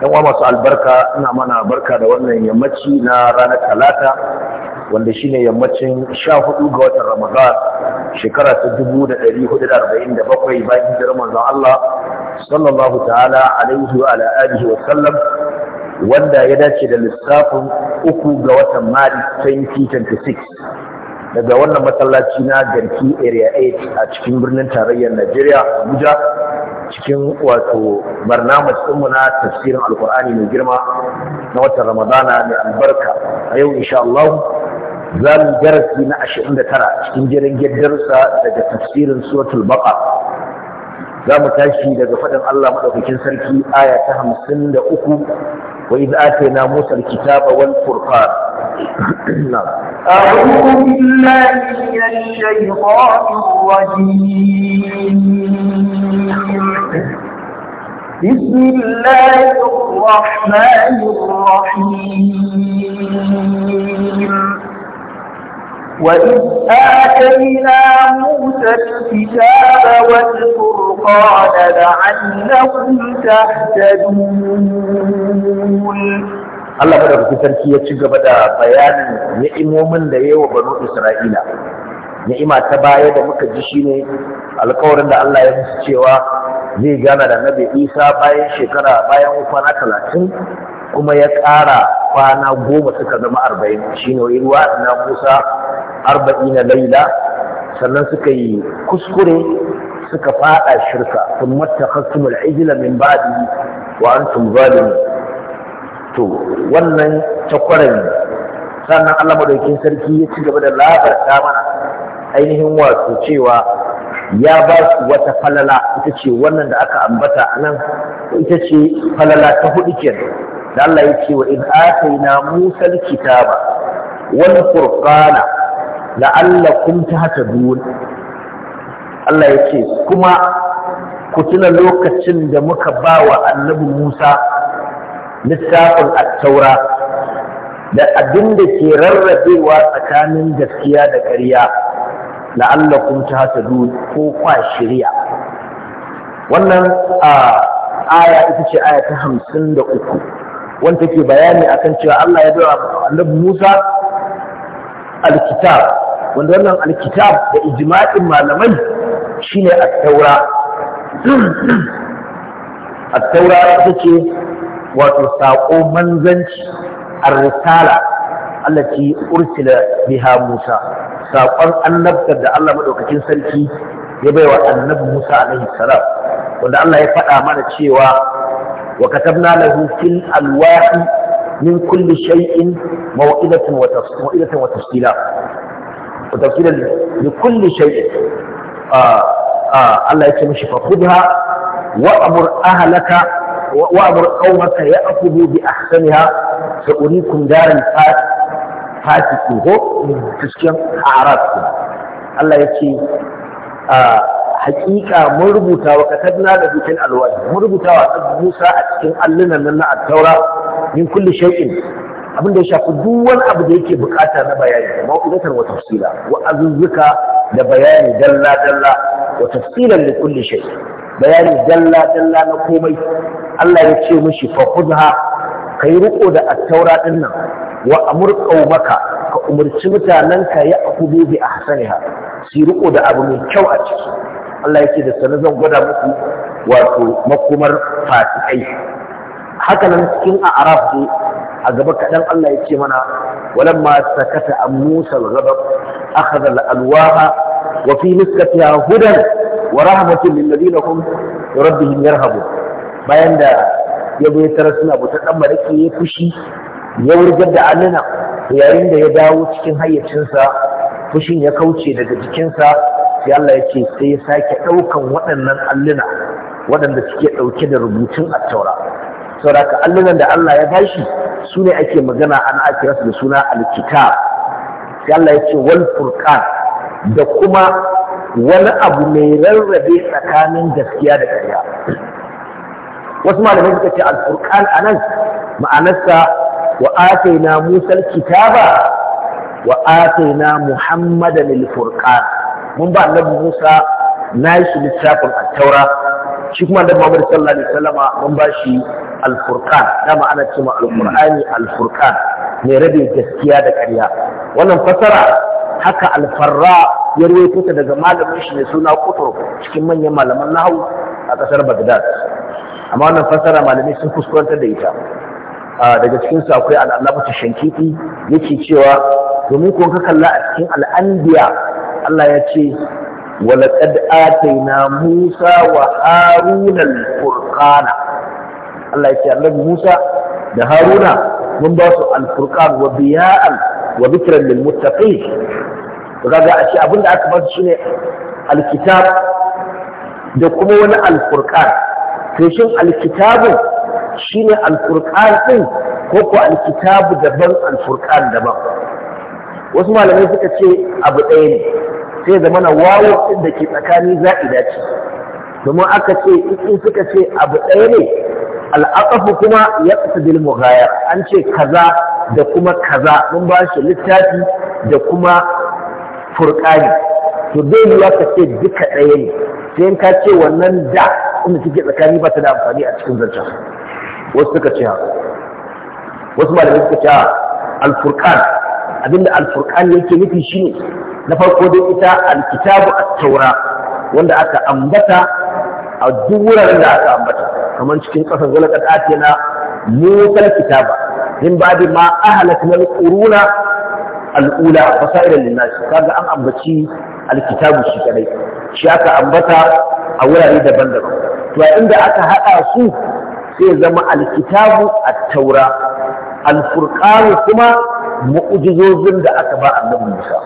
yan uwa masu albarka ina mana barka da wannan yammaci na ranar talata wanda shine yammacin 14 ga watan ramadan shekara ta 1447 bayan hijirar manzon Allah sallallahu ta'ala alaihi wa ala alihi wa sallam wanda ya dace da lissafin uku ga watan maris 2026 daga wannan masallaci na garki area 8 a cikin birnin tarayyar Najeriya Abuja cikin wato barnamaj mu na tafsirin alkur'ani mai girma na watan ramadana mai albarka a yau insha Allah za mu darasi na 29 cikin jirin darsa daga tafsirin suratul baqa za mu tashi daga faɗin Allah maɗaukakin sarki aya ta 53 وإذ آتينا موسى الكتاب والفرقان نعم. أعوذ بالله من الشيطان الرجيم بسم الله الرحمن الرحيم وإذ آتينا موسى الكتاب والفرقان تهتدون Allah sarki ya ci gaba da bayanin ni'imomin da yayi wa banu Isra'ila ni'ima ta baya da muka ji shine alƙawarin da Allah ya musu cewa zai gana da Nabi Isa bayan shekara bayan kwana talatin kuma ya ƙara kwana goma suka zama arba'in shi ne ruwa na musa arba'ina na laila sannan suka yi kuskure suka fada shirka sun mata hasumul ijila min ba'di wa antum zalimi to wannan takwaran sannan Allah madaukakin sarki ya ci gaba da labarta mana ainihin wato cewa ya ba su wata falala ita ce wannan da aka ambata a nan ita ce falala ta hudu kenan da Allah ya ce wa in ataina Musa kitaba wal furqana la'allakum tahtadun Allah ya ce kuma ku tuna lokacin da muka ba wa annabi Musa littafin Attaura, da abin da ke rarrabewa tsakanin gaskiya da ƙarya la'allakum tahtadun ko kwa shari'a wannan a ah, aya ita ce aya ta hamsin da uku wanda ke bayani akan cewa Allah ya bai wa Annabi Musa alkitab wanda wannan alkitab da ijma'in malamai shine at-taura at-taura ita ce wato sako manzanci ar-risala allati ursila biha Musa sakon annabtar da Allah madaukakin sarki ya baiwa wa Annabi Musa alaihi salam wanda Allah ya faɗa mana cewa wa katabna lahu fil alwahi min kulli shay'in maw'idatan wa tafsila wa tafsila wa tafsila li kulli shay'in Allah ya ce mishi fa khudha wa amur ahlaka وأمر قومك يأخذوا بأحسنها سأريكم دار الفات فاتكم هو تسكن أعراضكم الله يكي haƙiƙa mun rubuta wa katabna da bikin alwani mun rubuta wa Musa a cikin allunan nan na at-taura min kulli shay'in abin da ya shafi duk wani abu da yake bukata na bayani mau'izatar wa tafsila wa azuzzuka da bayani dalla dalla wa tafsilan li kulli shay bayani dalla dalla na komai Allah ya ce mishi fa khudha kai riko da at-taura din nan wa amur qaumaka ka umurci mutanenka ya akudu bi ahsaniha su riko da abu mai kyau a ciki Allah ya ce da sanu zan gwada muku wato makomar fasikai haka nan cikin a ne a gaba kaɗan Allah ya ce mana walamma sakata an musa al-ghadab akhadha al-alwaha wa fi niskatiha hudan wa rahmatun lil ladina hum rabbihim yarhabun bayan da ya bai tara suna bautar dan maraki ya fushi ya wurgar da allana yayin da ya dawo cikin hayyacinsa fushin ya kauce daga jikinsa sai Allah ya ce sai ya sake ɗaukan waɗannan alluna waɗanda suke ɗauke da rubutun taura sauraka allunan da Allah ya bashi su ne ake magana an ake rasu da suna alkitab sai Allah ya ce wal furqan da kuma wani abu mai rarrabe tsakanin gaskiya da ƙarya wasu malamai suka ce alfurqan anan ma'anarsa wa ataina musal kitaba wa ataina muhammadan alfurqan mun ba annabi Musa nashi littafin attaura taura shi kuma annabi Muhammad sallallahu alaihi wasallama mun ba shi al-furqan dama ana cewa al-qur'ani al-furqan mai rabe gaskiya da ƙarya wannan fasara haka al-farra ya rawaito ta daga malamin shi mai suna Qutb cikin manyan malaman nahwu a kasar Baghdad amma wannan fasara malamai sun kuskurantar da ita daga cikinsu akwai al'alamatu shankiti yake cewa domin kun ka kalla a cikin al'andiya Allah ya ce walaƙad na Musa wa Haruna al-Furqana Allah ya ce Annabi Musa da Haruna mun ba su al-Furqan wa biya'an wa dhikran lil muttaqin to kaga a ce abinda aka ba su shine al-kitab da kuma wani al-Furqan to shin al-kitabun shine al-Furqan din ko ko al-kitabu daban al-Furqan daban wasu malamai suka ce abu ɗaya ne sai zama na wawo da ke tsakani za'ida ce domin aka ce in suka ce abu ɗaya ne al'aqafu kuma ya tsadil mughayar an ce kaza da kuma kaza mun ba shi littafi da kuma furqani to dai ya ka duka ɗaya ne sai in ka ce wannan da inda kike tsakani ba ta da amfani a cikin zancen wasu suka ce wasu malamai suka ce al-furqan abinda alfurqan yake nufi shine na farko dai ita alkitabu at-taura wanda aka ambata a duk wuraren da aka ambata kamar cikin kasar zalaqat atina mutal kitaba min ba'di ma ahlakna al-quruna al-ula fasailan lin kaga an ambaci alkitabu shi kadai shi aka ambata a wurare daban-daban to inda aka hada su sai zama alkitabu at-taura al-furqan kuma mu'ujizozin da aka ba annabi Musa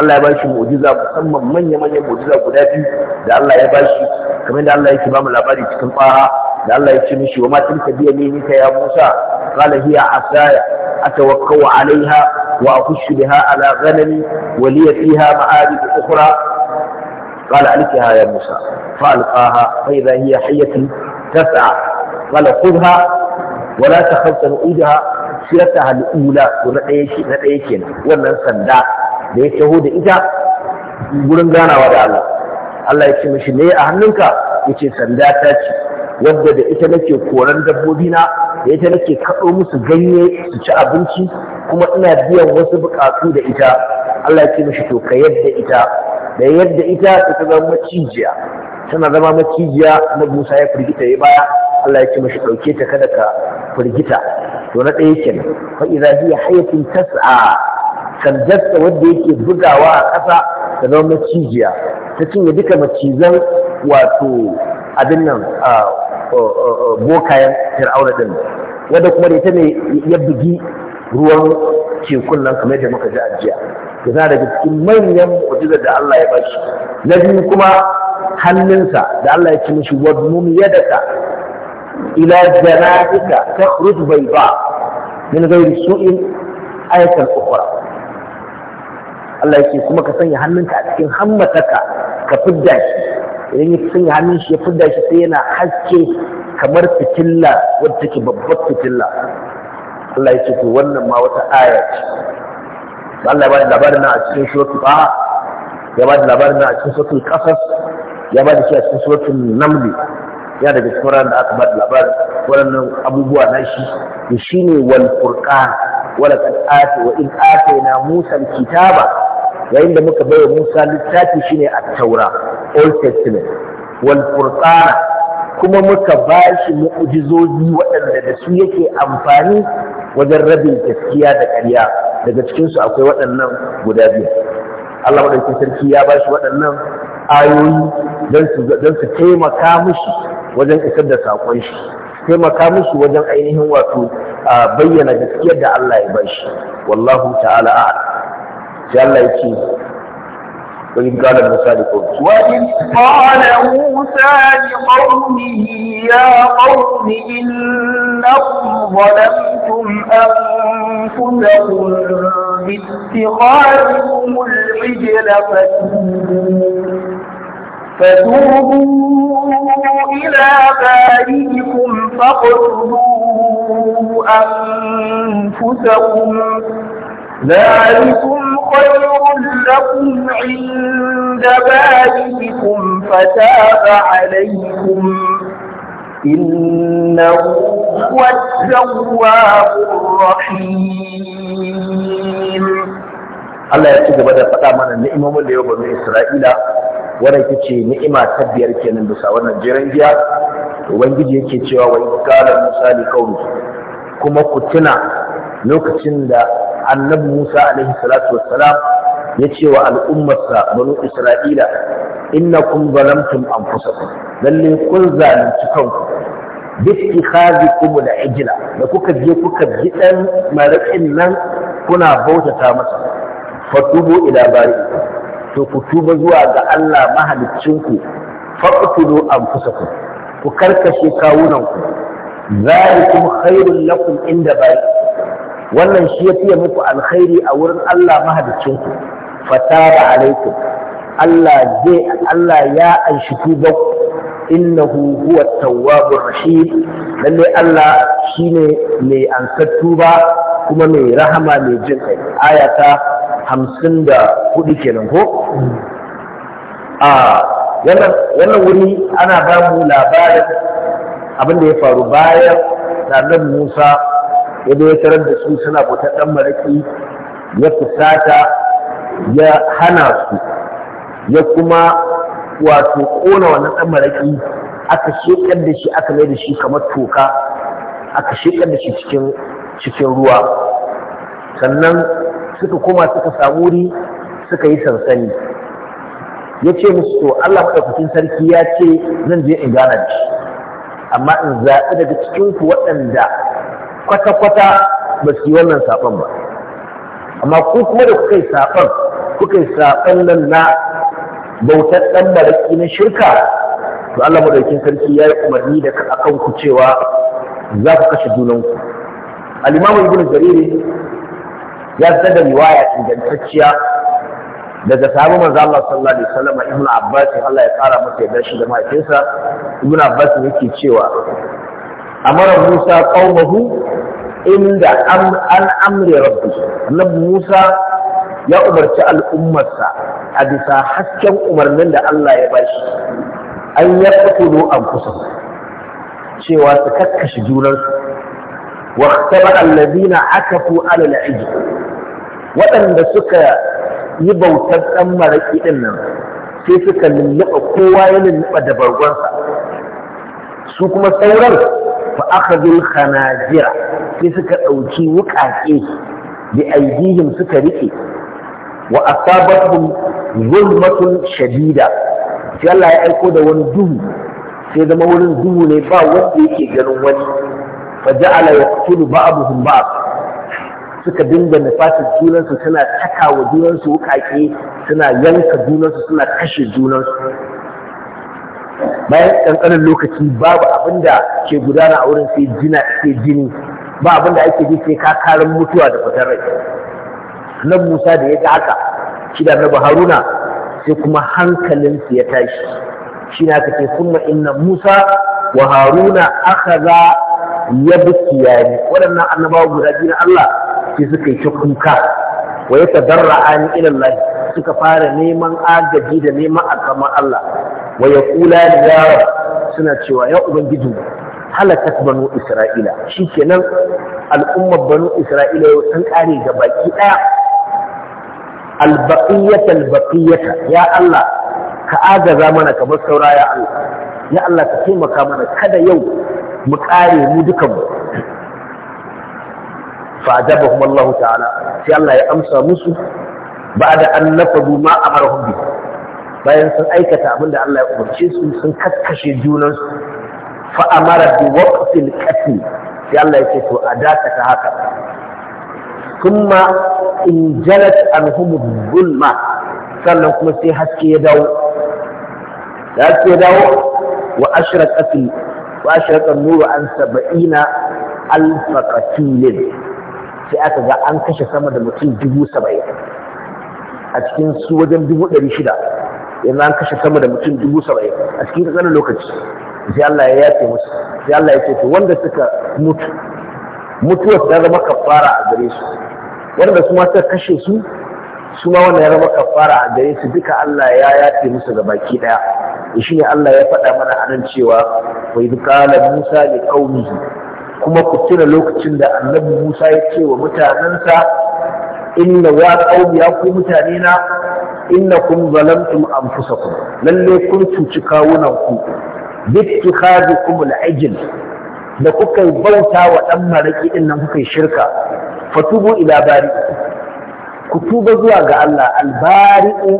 Allah ya ba shi mu'ujiza musamman manya manya mu'ujiza guda biyu da Allah ya ba shi kamar da Allah yake ba mu labari cikin fara da Allah ya ce mishi wa ma tilka biya ne nika ya Musa qala hiya asaya atawakkau alaiha wa akhushu biha ala ghanami wa li fiha ma'arib ukhra qala alkiha ya Musa fa alqaha fa idha hiya hayyatun tas'a qala wala ta hafsa ujaha shirata ko na ɗaya kenan wannan sanda da ya taho da ita gurin ganawa da Allah Allah ya ce mishi ne a hannunka ya ce sanda ta ce wadda da ita nake koran dabbobi na da ita nake kaɗo musu ganye su ci abinci kuma ina biyan wasu buƙatu da ita Allah ya ce mashi to ka yadda ita da yadda ita ta zama macijiya tana zama macijiya na musa ya firgita ya baya Allah ya ce mashi ɗauke ta kada ka firgita to na ɗaya kenan fa idza hiya hayatun tas'a sandarsa wanda yake bugawa a ƙasa ta zama macijiya ta cinye duka macizan wato abin nan bokayen fir'auna din wanda kuma da ita ne ya bugi ruwan tekun nan kamar da muka ji ajiya yana daga cikin manyan mu'jizar da Allah ya bashi na biyu kuma hannunsa da Allah ya ci mishi wadnum yadaka ila janatika takhruj bayda min ghairi su'in ayatan ukhra Allah yake kuma ka sanya hannunka a cikin hammataka ka fidda shi idan ya sanya hannun shi ya fidda shi sai yana haske kamar fitilla wadda take babbar fitilla Allah ya ce to wannan ma wata aya ce Allah ya bada labarin a cikin suratul Taha ya bada labarin a cikin suratul Qasas ya bada shi a cikin suratul Naml ya daga cikin ran da aka ba da labarin wannan abubuwa na shi to shine wal furqan wala kad ati wa in atayna Musa kitaba yayin da muka bayar Musa littafi shine at-Taura Old Testament wal furqana kuma muka ba shi mu'ujizoji waɗanda da su yake amfani wajen rabin gaskiya da ƙarya daga cikinsu akwai waɗannan guda biyu Allah madaukakin sarki ya ba shi waɗannan ayoyi don su taimaka mushi wajen isar da saƙon shi taimaka mushi wajen ainihin wato bayyana gaskiyar da Allah ya ba shi wallahu ta'ala a'lam sai Allah ya ce وإن قال موسى لقومه وإذ قال موسى لقومه يا قوم إنكم ظلمتم أنفسكم باتخاذكم العجل فتوبوا فتوبوا إلى بارئكم فاقتلوا أنفسكم ذلكم خير لكم عند بارئكم فتاب عليكم إنه هو التواب الرحيم Allah ya ci gaba da faɗa mana ni'imomin da yau banu Isra'ila wanda yake ce ni'ima biyar kenan bisa wannan jiran giya ubangiji yake cewa wa qala misali li qaumi kuma ku tuna lokacin da annabi Musa alaihi salatu wassalam ya ce wa al'ummarsa banu Isra'ila kun zalamtum anfusakum lalle kun zalunci kanku duk ikhazikum da ijla da kuka je kuka ji dan marakin nan kuna bautata masa fatubu ila bari to ku tuba zuwa ga Allah mahaliccinku faqtulu anfusakum ku karkashe kawunanku zalikum khairul lakum inda bari wannan shi ya fiye muku alkhairi a wurin Allah mahadicinku fataba alaikum Allah zai Allah ya anshi tubar innahu huwa tawwabur rahim lalle Allah shine mai ansar tuba kuma mai rahama mai jin kai ayata 54 kenan ko a wannan wannan wuri ana ba mu labarin abin da ya faru bayan da Musa ya ya tarar da su suna bauta ɗan maraƙi ya fusata ya hana su ya kuma wato ƙona wannan ɗan maraƙi aka shekar da shi aka mai da shi kamar toka aka shekar da shi cikin cikin ruwa sannan suka koma suka samu wuri suka yi sansani ya ce musu to Allah maɗaukacin sarki ya ce zan je in gana da shi amma in zaɓi daga cikinku waɗanda kwata-kwata ba su yi wannan saɓon ba amma ku kuma da kuka yi saɓon kuka yi saɓon nan na bautar ɗan maraki na shirka to Allah madaukin sarki ya yi umarni da akan ku cewa za ku kashe junanku al'imamu ibn jariri ya fitar da riwaya ingantacciya daga sahabu manzo Allah sallallahu alaihi wasallam ibnu abbas Allah ya fara masa yadda shi da mahaifinsa ibnu abbas yake cewa A mara Musa qaumahu inda an amri rabbi annabi Musa ya umarci al'ummarsa a bisa hasken umarnin da Allah ya bashi an ya fito an kusa cewa su kakkashi junansu wa ktaba allazina akafu ala al'ijib waɗanda suka yi bautar ɗan maraƙi sai suka lulluɓa kowa ya lulluɓa da bargonsa su kuma sauran fa akhadul khanajira sai suka dauki wukake bi aidihim suka rike wa asabatuhum zulmatun shadida sai Allah ya aiko da wani duhu sai zama wurin duhu ne ba wanda yake ganin wani fa ja'ala yaqtulu ba'dhum ba'd suka dinga nufatin junansu suna taka wa junansu wukake suna yanka junansu suna kashe junansu bayan ƙanƙanin lokaci babu abin da ke gudana a wurin sai jina sai jini ba abin da ake ji sai kakarin mutuwa da fitar rai nan musa da ya ga haka shi da annabi haruna sai kuma hankalinsu ya tashi shi na kace kuma inna musa wa haruna akhadha yabkiyani waɗannan annabawa guda biyu na Allah sai suka yi kuka wa yatadarra'ani ila Allah suka fara neman agaji da neman akama Allah wa yaqula ya rab suna cewa ya ubangiji halakat banu isra'ila kenan al'ummar banu isra'ila yau sun kare ga baki daya albaqiyat albaqiyat ya Allah ka agaza mana ka bar saura ya Allah ya Allah ka taimaka mana kada yau mu kare mu dukan mu fa ajabahum Allah ta'ala sai Allah ya amsa musu ba'da an nafadu ma amarahum bihi bayan sun aikata abin da Allah ya umarce su sun kakkashe junansu fa amara bi waqtil qatl sai Allah ya ce to a dakata haka kuma in jalat anhum zulma sannan kuma sai haske ya dawo da haske ya dawo wa ashraqat wa ashraqat nuru an sab'ina alf qatilin sai aka ga an kashe sama da mutum dubu saba'in a cikin su wajen dubu ɗari shida yanzu an kashe sama da mutum dubu saba'in a cikin ƙasar lokaci sai Allah ya yafe musu sai Allah ya ce to wanda suka mutu mutuwar ta zama kafara a gare su wanda su ma suka kashe su su ma wanda ya zama kafara a gare su duka Allah ya yafe musu ga baki ɗaya. shi ne Allah ya faɗa mana anan cewa wai qala Musa li qaumihi kuma ku tuna lokacin da Annabi Musa ya ce wa mutanansa inna wa qaumi ya ku mutane na innakum zalamtum anfusakum lalle kun cuci kawunan ku haɗu kuma ajl da kuka bauta wa ɗan maraki din nan kuka shirka fatubu ila bari ku tuba zuwa ga Allah albari'u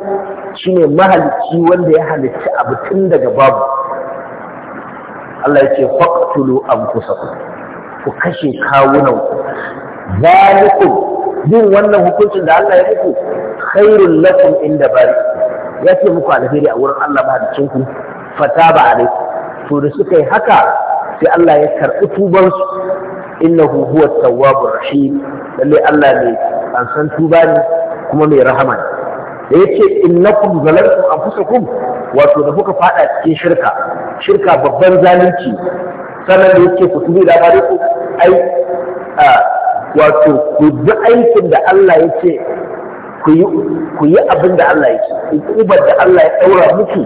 shi shine mahalicci wanda ya halicci abu tun daga babu Allah yake faqtulu anfusakum ku kashe kawunan ku zalikum bin wannan hukuncin da Allah ya muku khairul lakum inda bari ya ce muku alheri a wurin Allah mahalicin ku fataba alaikum to da suka yi haka sai Allah ya karɓi tubansu innahu huwa tawwabur rahim lalle Allah ne an san tuba ne kuma mai rahama ne da yace innakum zalaltum anfusakum wato da kuka fada cikin shirka shirka babban zalunci sanan da yake ku tubi da bare ku ai wato ku bi aikin da Allah ya ce ku yi abin da Allah ya ce hukumar da Allah ya ɗaura muku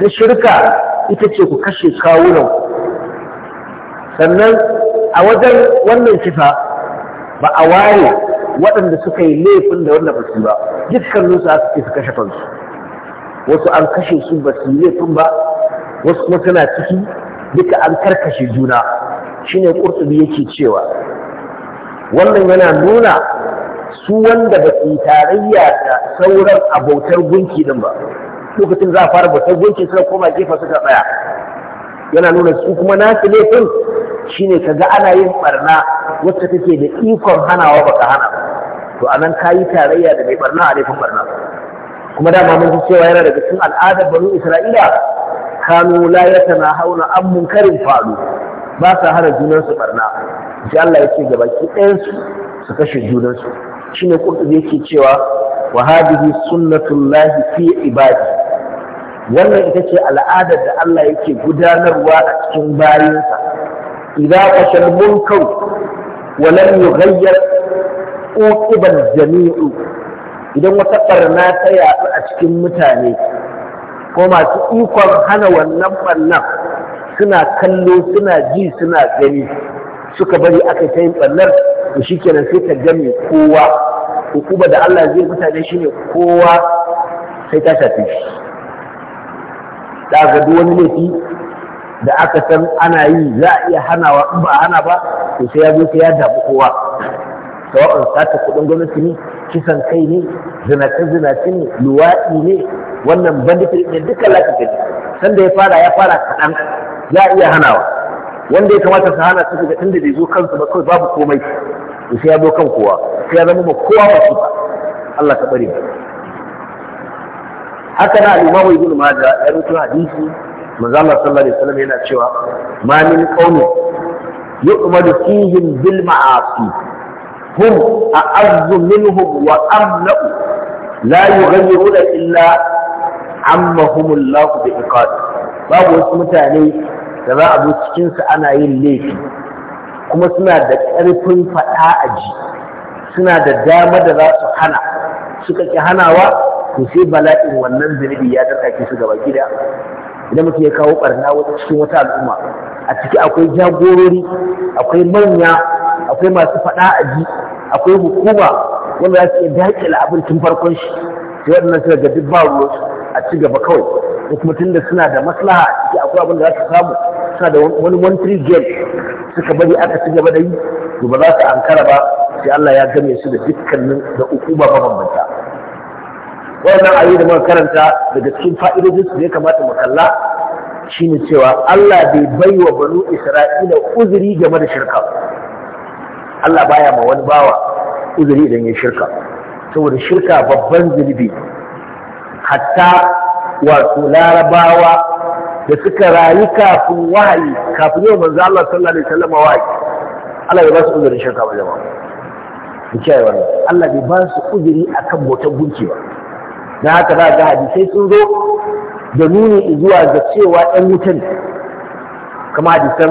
ta shirka ita ce ku kashe kawunan sannan a wajen wannan kifa ba a ware waɗanda suka yi laifin da wanda ba su ba a suke su kashe kansu wasu an kashe su ba su yi laifin ba wasu kuma suna ciki duka an karkashe juna shine kurtubi yake cewa wannan yana nuna su wanda ba su tarayya da sauran abautar gunki din ba lokacin za a fara bautar gunki suka koma gefe suka tsaya yana nuna su kuma na nasu laifin shine kaga ana yin barna wacce take da ikon hanawa baka hana to a nan kayi tarayya da mai barna a laifin barna kuma dama mun ji cewa yana daga cikin al'adar banu isra'ila kanu la hauna an munkarin fa'alu ba sa hana junansu barna sai Allah ya ce gaba ki ɗayansu su kashe junansu shi ne zai yake cewa wa hadihi sunnatullahi fi ibadi wannan ita ce al'adar da Allah yake gudanarwa a cikin bayinsa idza qashal munkar wa lam yughayyar uqiba jamiu idan wata ɓarna ta yaɗu a cikin mutane ko masu ikon hana wannan ɓarnar suna kallo suna ji suna gani suka bari aka ta yin ɓallar da shi kenan sai ta gami kowa hukuma da Allah zai mutane shi ne kowa sai ta shafi shi da duk wani laifi da aka san ana yi za a iya hanawa in ba a hana ba to sai ya zo sai ya damu kowa sawa'un sata kuɗin gwamnati ne kisan kai ne zinace zinace ne luwaɗi ne wannan bandit ne duka lafi gani sanda ya fara ya fara kaɗan za a iya hanawa wanda ya kamata su hana su daga inda bai zo kansu ba kawai babu komai to sai ya zo kan kowa sai ya zama ma kowa masifa Allah ka bari haka na al-Imam Ibn Majah ya rubuta hadisi manzo Allah sallallahu alaihi wasallam yana cewa ma min qawmin yu'madu fihim bil ma'asi hum a'azzu minhum wa amnu la yughayyiruna illa amma humullahu bi iqad babu wasu mutane da za a zo cikinsu ana yin laifi kuma suna da ƙarfin faɗa a ji suna da dama da za su hana suka ƙi hanawa to sai bala'in wannan zunubi ya darkake su gaba gida idan mutum ya kawo ɓarna wata cikin wata al'umma a ciki akwai jagorori akwai manya akwai masu faɗa a ji akwai hukuma wanda za su iya daƙila abin tun farkon shi sai waɗannan suka ga duk ba a ci gaba kawai da kuma tunda suna da maslaha a akwai abin da za su samu suna da wani one gate suka bari aka ci gaba da yi to ba za su ankara ba sai Allah ya game su da dukkanin da hukuma mabambanta wannan ayoyi da muka karanta daga cikin fa'idojin su da ya kamata mu kalla shine cewa Allah bai bai wa banu Isra'ila uzuri game da shirka Allah baya ma wani bawa uzuri idan ya shirka saboda shirka babban zunubi hatta wato larabawa da suka rayu kafin wahayi kafin yau manzo Allah sallallahu alaihi wasallam wahayi Allah ya ba su uzurin shirka ba jama'a ku kiyaye wannan Allah bai ba su uzuri akan bautar gunki ba dan haka za ga hadisai sun zo da nuni zuwa ga cewa ɗan wuta ne kama hadisan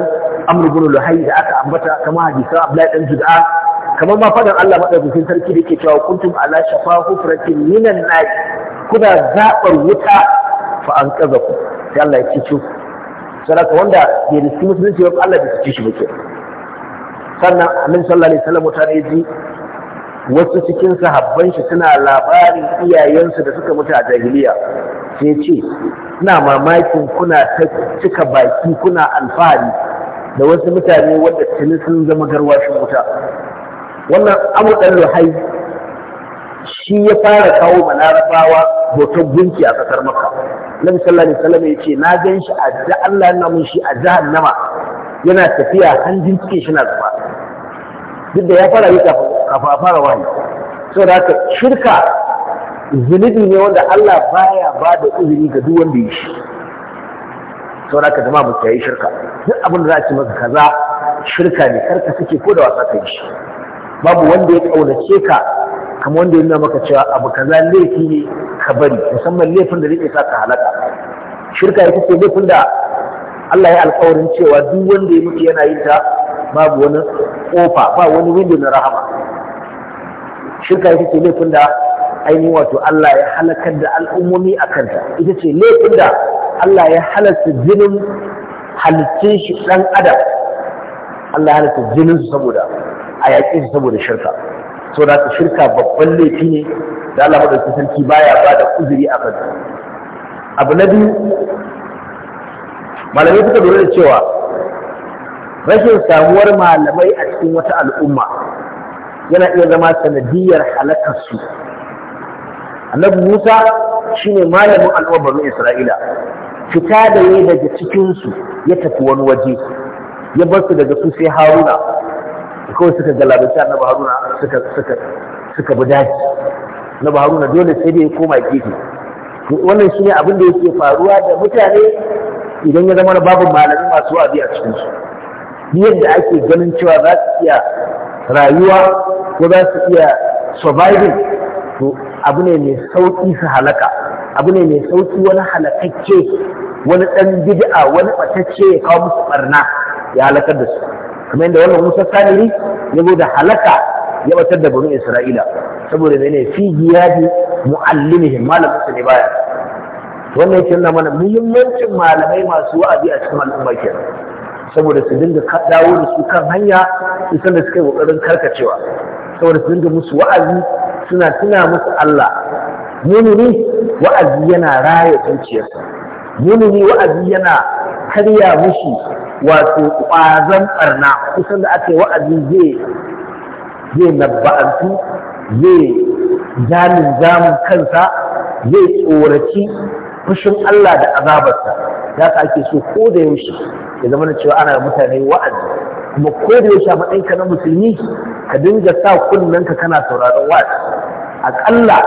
Amr ibn Luhay da aka ambata kama hadisan Abdullahi dan Jud'a kamar ma fadan Allah madaukakin sarki da yake cewa kuntum ala shafa hufratin minan nar kuna zabar wuta fa an kaza ku sai Allah ya cici sadaka wanda bai riski musulunci ba Allah bai cici shi ba ke sannan annabi sallallahu alaihi wasallam ta ne ji wasu cikin sahabban shi suna labarin iyayensu da suka mutu a jahiliya sai ce ina mamakin kuna ta cika baki kuna alfahari da wasu mutane wanda tuni sun zama garwashin wuta wannan abu dan ruhai shi ya fara kawo balarabawa hoton gunki a ƙasar maka nabi sallallahu alaihi wasallam ya ce na gan shi a da Allah ya mun shi a jahannama yana tafiya hanjin cikin shi na zuba duk da ya fara yi kafa a fara wani da haka shirka zunubi ne wanda Allah baya ba da izini ga duk wanda ya shi da haka jama'a mu yi shirka duk abin da za a ce maka kaza shirka ne karka suke ko da wasa ka yi shi babu wanda ya kaunace ka kamar wanda ya nuna maka cewa abu kaza laifi ne ka bari musamman laifin da zai sa ka halaka shirka ita ce laifin da Allah ya alkawarin cewa duk wanda ya mutu yana yin ta babu wani kofa ba wani windo na rahama shirka ita ce laifin da ainihin wato Allah ya halakar da al'ummomi a kanta ita ce laifin da Allah ya halasta jinin halittun shi ɗan adam Allah ya halasta jinin su saboda a yaƙi su saboda shirka so da shirka babban laifi ne da Allah madaukakin sarki baya ba da uzuri a kan abu na biyu malamai suka lura da cewa rashin samuwar malamai a cikin wata al'umma yana iya zama sanadiyar halakarsu annabi musa shine malamin al'ummar Baru isra'ila fita da yai daga cikinsu ya tafi wani waje ya bar su daga su sai haruna kawai suka galabaci annabi haruna suka suka suka bi daji annabi haruna dole sai dai ya koma gefe wannan shi ne abin da yake faruwa da mutane idan ya zama babu malamai masu wa'azi a cikin su yadda ake ganin cewa za su iya rayuwa ko za su iya surviving to abu ne mai sauƙi su halaka abu ne mai sauƙi wani halakacce wani ɗan bid'a wani ɓatacce ya kawo musu ɓarna ya halakar da su kamar yadda wannan Musa saniri ya zo da halaka ya batar da bani Isra'ila saboda ne fi giyadi muallimihim malamin su ne baya wannan yake nuna mana muhimmancin malamai masu wa'azi a cikin al'umma kenan saboda su dinga dawo da su kan hanya isan da suka yi kokarin karkacewa saboda su dinga musu wa'azi suna tuna musu Allah mumini wa'azi yana raya zuciyarsa mumini wa'azi yana karya mushi wato ƙwazon ɓarna kusan da aka yi wa'azi zai zai nabba'antu zai jamin jamin kansa zai tsoraci fushin Allah da azabarsa ya ka ake so ko da yaushe ya zama da cewa ana mutane wa'azi kuma ko da yaushe a matsayinka na musulmi ka dinga sa ka kana sauraron wa'azi aƙalla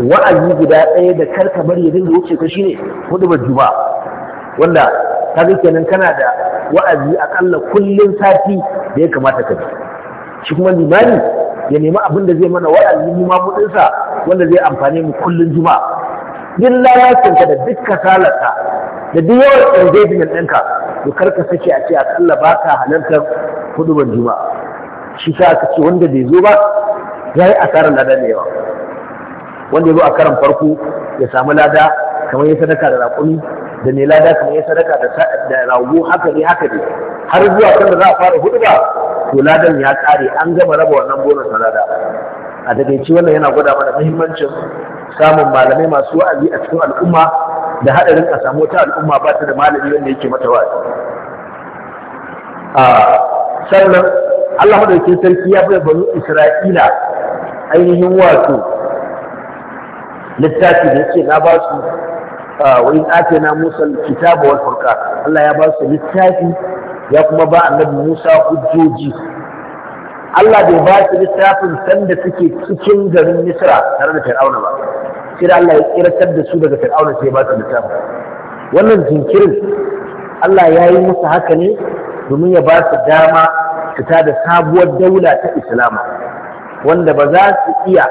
wa'azi guda ɗaya da karka bari ya dinga wuce ka shine hudu juma'a wanda kaga kenan kana da wa'azi akalla kullun sati da ya kamata ka ji shi kuma limani ya nemi abin da zai mana wa'azi mu ma wanda zai amfane mu kullun juma'a duk lalacinka da duk kasalarka da duk yawan engagement ɗinka to kar ka sake a ce akalla ba ka halartar hudubar juma'a shi sa ka ce wanda bai zo ba ya yi asarar lada da yawa wanda ya zo a karan farko ya samu lada kamar ya sadaka da raƙumi da mai lada su ya sadaka da rago haka ne haka ne har zuwa kan da za a fara hudu ba to ladan ya kare an gama raba wannan bonus na lada a takaici wannan yana gwada mana muhimmancin samun malamai masu wa'azi a cikin al'umma da haɗarin a samu wata al'umma ba ta da malami wanda yake mata wa'azi sannan Allah madaukakin sarki ya bai bari Isra'ila ainihin wato littafi da yake na ba su wa in atina musa kitaba wal furqan Allah ya ba su littafi ya kuma ba annabi Musa hujjoji Allah bai ba su littafin sanda suke cikin garin Misra tare da Fir'auna ba sai Allah ya tsiratar da su daga Fir'auna sai ba su littafin wannan jinkirin Allah ya yi musu haka ne domin ya ba su dama fita da sabuwar daula ta Islama wanda ba za su iya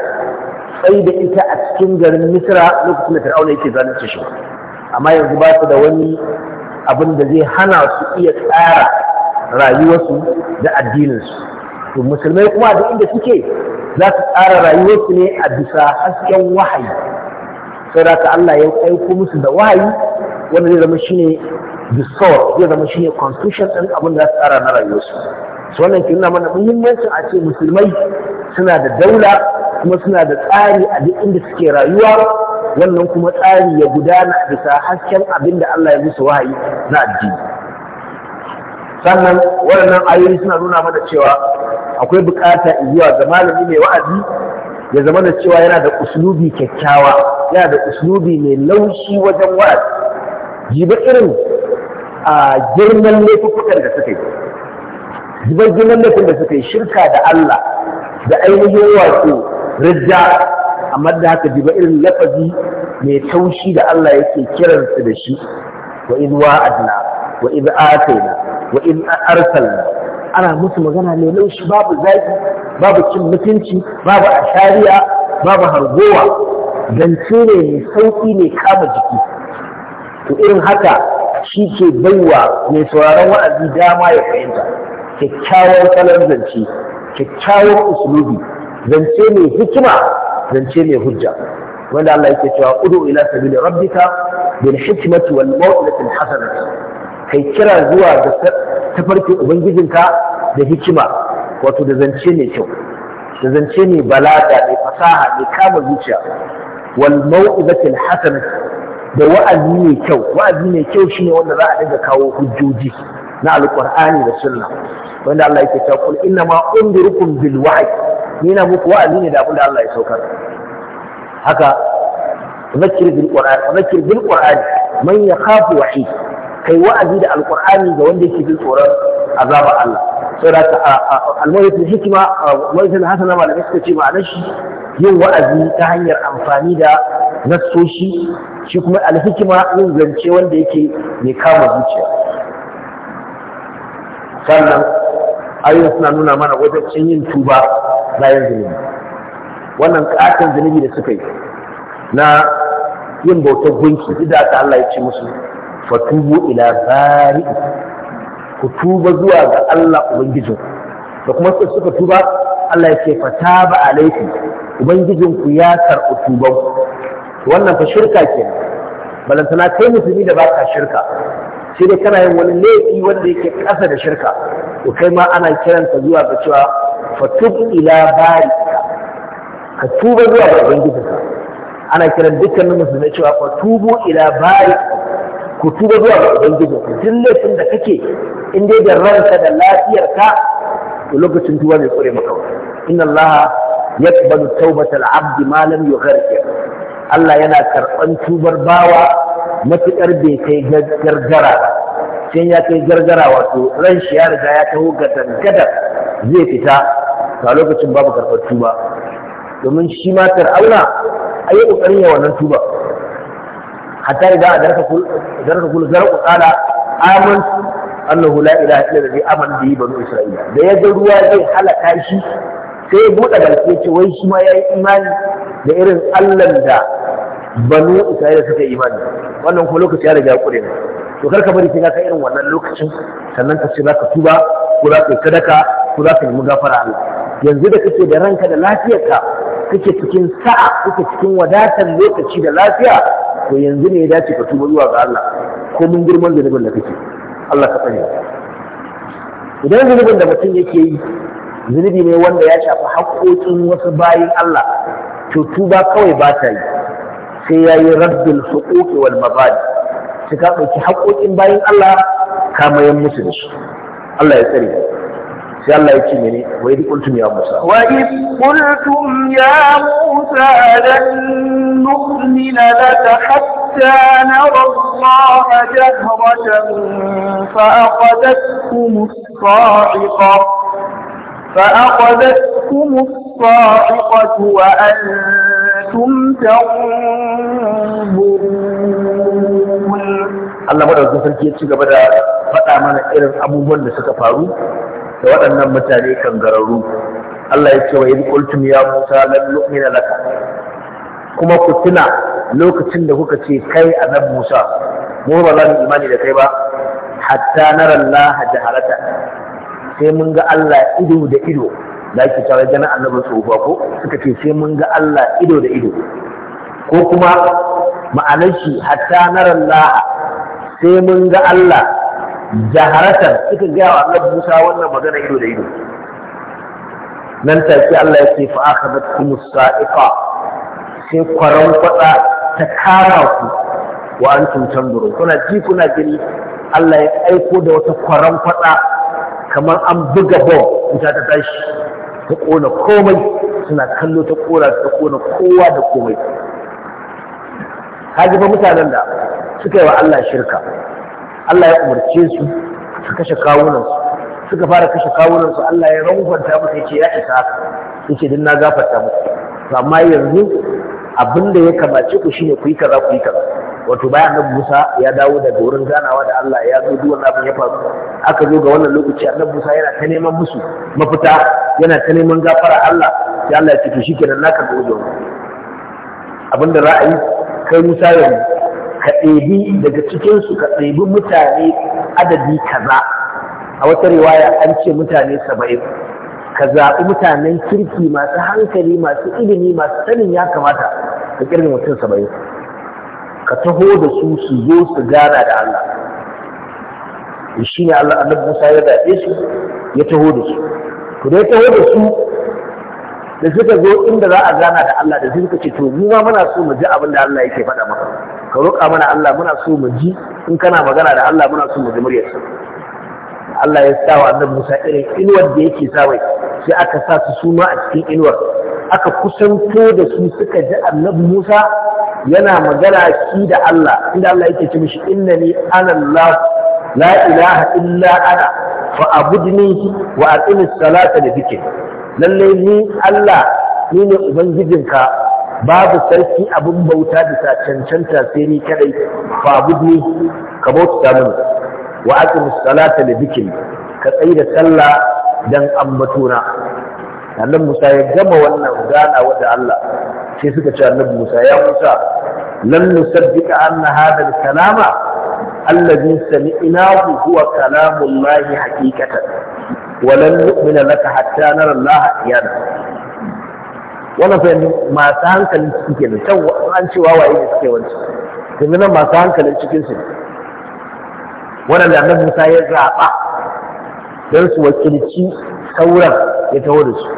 tsaye da ita a cikin garin misra lokacin da fir'auna yake zalunce shi amma yanzu ba su da wani abin da zai hana su iya tsara rayuwarsu da addininsu to musulmai kuma da inda suke za su tsara rayuwarsu ne a bisa hasken wahayi sai da Allah ya aiko musu da wahayi wanda zai zama shine discord zai zama shine constitution din abin da za su tsara na rayuwarsu su wannan ke nuna mana muhimmancin a ce musulmai suna da daula kuma suna da tsari a duk inda suke rayuwa wannan kuma tsari ya gudana bisa hasken abin da Allah ya musu wahayi na addini sannan waɗannan ayoyi suna nuna mana cewa akwai bukata zuwa ga malami mai wa'azi ya zama da cewa yana da uslubi kyakkyawa yana da uslubi mai laushi wajen wa'azi jiba irin a girman laifukan da suka yi jiba girman laifin da suka yi shirka da Allah da ainihin wato ridda amma da haka jiba irin lafazi mai taushi da Allah yake kiransa da shi wa idh wa'adna wa in atayna wa in arsalna ana musu magana mai laushi babu zaki babu cin mutunci babu ashariya babu hargowa zance ne mai sauki ne kama jiki to irin haka shi ke baiwa mai sauraron wa'azi dama ya fahimta kyakkyawan salon zance kyakkyawan usulubi zance mai hikima zance mai hujja wanda Allah yake cewa udu ila sabili rabbika bil hikmati wal maw'izati hasanati kai kira zuwa ga tafarkin ubangijinka da hikima wato da zance mai kyau da zance mai balaga mai fasaha mai kama zuciya wal maw'izati hasanati da wa'azi mai kyau wa'azi mai kyau shine wanda za a dinga kawo hujjoji na alqur'ani da sunna wanda Allah yake cewa kul inna ma undirukum bil wahyi ni na muku wa'azi ne da abin da Allah ya saukar haka zakir bil qur'an zakir bil qur'an man yakhafu wahyi kai wa'azi da alqur'ani ga wanda yake jin tsoron azaba Allah saboda almawaitul hikima mawaitul hasana malamai suka ce ma shi yin wa'azi ta hanyar amfani da nassoshi shi kuma alhikima yin zance wanda yake mai kama zuciya sannan ayoyin suna nuna mana wajen yin tuba bayan zunubi wannan katan zunubi da suka yi na yin bautar gunki idan aka Allah ya ce musu fatubu ila bari ku tuba zuwa ga Allah ubangijin da kuma su suka tuba Allah ya ce fataba alaikum ubangijin ku ya karɓi tuban wannan fa shirka kenan balantana kai musulmi da baka shirka sai dai kana yin wani laifi wanda yake ƙasa da shirka to kai ma ana kiranta zuwa ga cewa fatub ila bari ka tuba zuwa ga ka. ana kiran dukkanin musulmai cewa fatubu ila bari ku tuba zuwa ga ka. duk laifin da kake in dai da ranka da lafiyarka to lokacin tuba zai kure maka inna allaha yaqbalu tawbatal abdi ma lam yugharqir Allah yana karɓan tubar bawa matuƙar bai kai gargara sai ya kai gargara wato ran shi ya riga ya taho gadangadar zai fita a lokacin babu karɓar tuba domin shi matar auna a yi ƙoƙarin ya wannan tuba hatta riga a zarka kul zarku tsala aman annahu la ilaha illa allazi amana bihi banu isra'ila da ya ga ruwa zai halaka shi sai ya buɗe garke ce wai shi ma ya yi imani da irin allah da banu isra'ila suka imani wannan kuma lokaci ya riga kure ne to kar ka bari sai ka irin wannan lokacin sannan ka ce zaka tuba ko za ka yi ko za ka nemi gafara Allah yanzu da kake da ranka da lafiyarka kake cikin sa'a kake cikin wadatar lokaci da lafiya to yanzu ne ya dace ka tuba zuwa ga Allah ko mun girman zunubin da kake Allah ka tsare idan zunubin da mutum yake yi zunubi ne wanda ya shafi haƙoƙin wasu bayin Allah to tuba kawai ba ta yi سيأي رد الحقوق والمضاد سيكون حقوق باين الله كما يمسلس الله يسألين سيأ الله يتمني وإذ قلتم يا موسى وإذ قلتم يا موسى لن نؤمن لك حتى نرى الله جهرة فأخذتكم الصاعقة فأخذتكم الصاعقة وأنتم bada wasu sarki ya ci gaba da faɗa mana irin abubuwan da suka faru da waɗannan mutane kan gararu Allah ya ce wa yin kultum ya Musa lan nu'mina laka kuma ku tuna lokacin da kuka ce kai annabi Musa mu ba za mu imani da kai ba hatta nara Allah jaharata sai mun ga Allah ido da ido da ake cewa ganin annabi tsohuwa ko suka ce sai mun ga Allah ido da ido ko kuma ma'anar shi hatta nara sai mun ga Allah jaharatan suka gaya wa Allah Musa wannan magana ido da ido nan take Allah ya ce fa kumus sa'iqa sai kwaran kwada ta kara ku wa antum tanduru kuna ji kuna gani Allah ya aiko da wata kwaran kwada kamar an buga bom ita ta tashi ta ƙona komai suna kallo ta ƙora ta ƙona kowa da komai ka fa mutanen da suka yi wa Allah shirka Allah ya umarce su su kashe kawunansu suka fara kashe kawunansu Allah ya rangwanta musu ya ce ya isa haka ya ce din na gafarta musu amma yanzu abinda ya kamace ku shine ku yi kaza ku yi kaza wato bayan Nan Musa ya dawo daga wurin ganawa da Allah ya zo duwan abin ya faru aka zo ga wannan lokaci annabi Musa yana ta neman musu mafita yana ta neman gafara Allah sai Allah ya ce to shikenan naka ga wajen abinda ra'ayi kai Musa ya ka daga cikin su ka ɗebi mutane adadi kaza a wata riwaya an ce mutane saba'in ka zaɓi mutanen kirki masu hankali masu ilimi masu sanin ya kamata ka kirgin mutum saba'in ka taho da su su zo su gana da Allah shi ne Allah annabi Musa ya zaɓe su ya taho da su ku dai taho da su da suka zo inda za a gana da Allah da suka ce to mu ma muna so mu ji abin da Allah yake faɗa maka ka roƙa mana Allah muna so mu ji in kana magana da Allah muna so mu ji muryarsa Allah ya sa wa annabi Musa irin inuwar da yake sa mai sai aka sa su suma a cikin inuwar aka kusanto da su suka ji annabi Musa yana magana shi da Allah inda Allah yake ce mishi innani ana Allah la ilaha illa ana fa abudni wa aqimis salata da zikri lalle ni Allah ni ne ka babu sarki abin bauta bisa cancanta sai ni kadai fa abudni ka bauta min wa aqimis salata da ka tsayi da sallah dan ambatuna Na Musa ya gama wannan gana da Allah sai suka ce annabi Musa ya Musa lan nusaddika anna hadha al-kalama alladhi sami'nahu huwa kalamu Allah haqiqatan wa lan nu'mina laka hatta nara Allah iyana wannan fa masu hankalin suke da can an ce wawaye ne suke wanci yanzu nan masu hankalin cikin su wannan da annabi Musa ya zaba don su wakilci sauran ya taho da su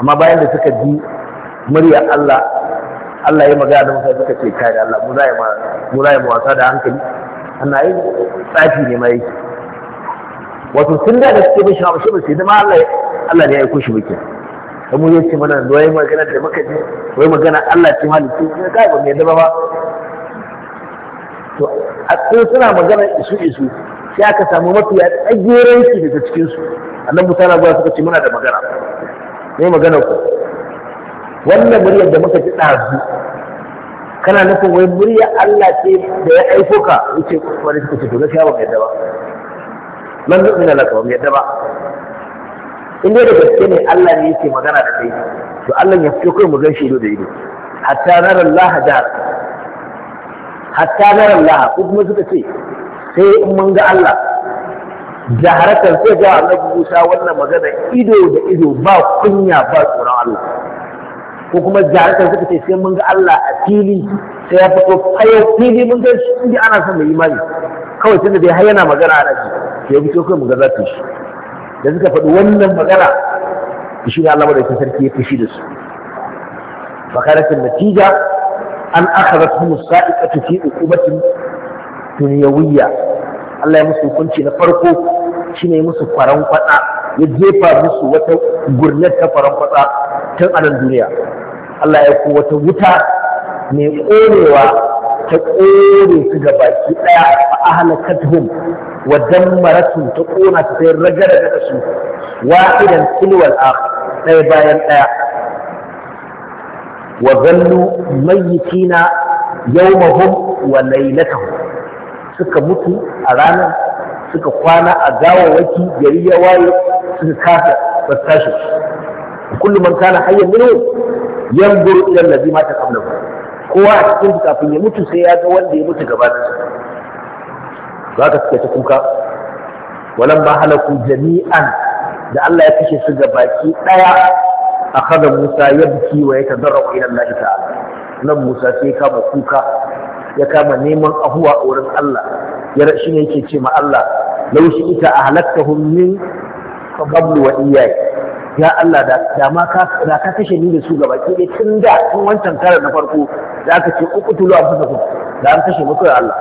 amma bayan da suka ji murya Allah Allah ya magana da mutane suka ce kai Allah mu zai ma mu zai mu wasa da hankali ana yi tsafi ne mai wato sun da da suke bin shawo shi ba sai dama Allah Allah ne ya aiko shi bake kuma mu ce mana da wai magana da muka ji wai magana Allah ce halitta ne kai ba mai da ba to a cikin suna magana isu isu sai aka samu mafiya tsagerai su daga cikin su annan mutana ba suka ce muna da magana ne magana ku wannan muryar da muka ji ɗazu kana nufin wai murya Allah ce da ya aiko ka wuce kuma wani suka ce to gaskiya ba mu yadda ba lan da ina laka ba mu yadda ba in dai da gaske ne Allah ne yake magana da kai to Allah ya fito kai mu gan shi ido da ido hatta nara Allah da hatta nara Allah ko kuma suka ce sai in mun ga Allah jaharakan sai ga Annabi Musa wannan magana ido da ido ba kunya ba tsoron Allah ko kuma jarata suka ce sai mun ga Allah a fili sai ya fito fayo fili mun ga shi inda ana son mai imani kawai tunda bai hayyana magana a rashi sai ya fito kai mun ga za ta shi da suka faɗi wannan magana ki shiga Allah da sarki ya fushi da su fa karata natija an akhadat hum sa'iqatu fi uqubatin dunyawiyya Allah ya musu hukunci na farko shine musu kwaran kwada ya jefa musu wata gurnar ta faran tun anan duniya Allah ya ku wata wuta mai korewa ta kore su ga baki daya a ahlakatuhum wa su ta kona ta sai raga da su idan tilwal a ɗaya bayan ɗaya wa zallu mayyitina yawmahum wa lailatahum suka mutu a ranar suka kwana a gawawaki gari ya waye suka kasa ba su tashi kullum man kana hayyan minhum yanzuru ila kowa a cikin kafin ya mutu sai ya ga wanda ya mutu gabanin sa za ka suke ta kuka walan ma halaku jami'an da Allah ya kashe su gabaki daya akhadha Musa yabki wa yatadarru ila Allah ta'ala nan Musa sai kama kuka ya kama neman ahuwa a wurin Allah ya shi ne yake ce ma Allah laushi ita a halattahum min qablu wa iyyaka ya Allah da ma ka ka kashe ni da su gaba ki dai tun da tun wancan karar na farko za ka ce uqtulu anfusakum da an kashe muku Allah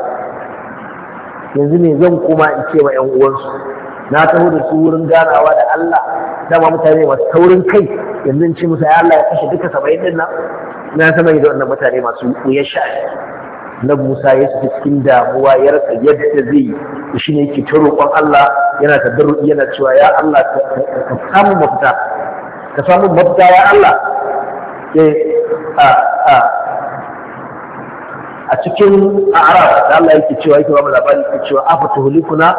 yanzu ne zan koma in ce wa ƴan uwansu na taho da su wurin ganawa da Allah dama mutane masu taurin kai yanzu in ce musu ya Allah ya kashe duka saba'in din nan na sama da wannan mutane masu wuyar sha'ani nan Musa ya tafi cikin damuwa ya rasa yadda zai yi shi ne yake ta roƙon Allah yana ta daruɗi yana cewa ya Allah ka samu mafita ka samu mafita ya Allah a cikin a'raf da Allah yake cewa yake ba mu labari yake cewa afatuhulikuna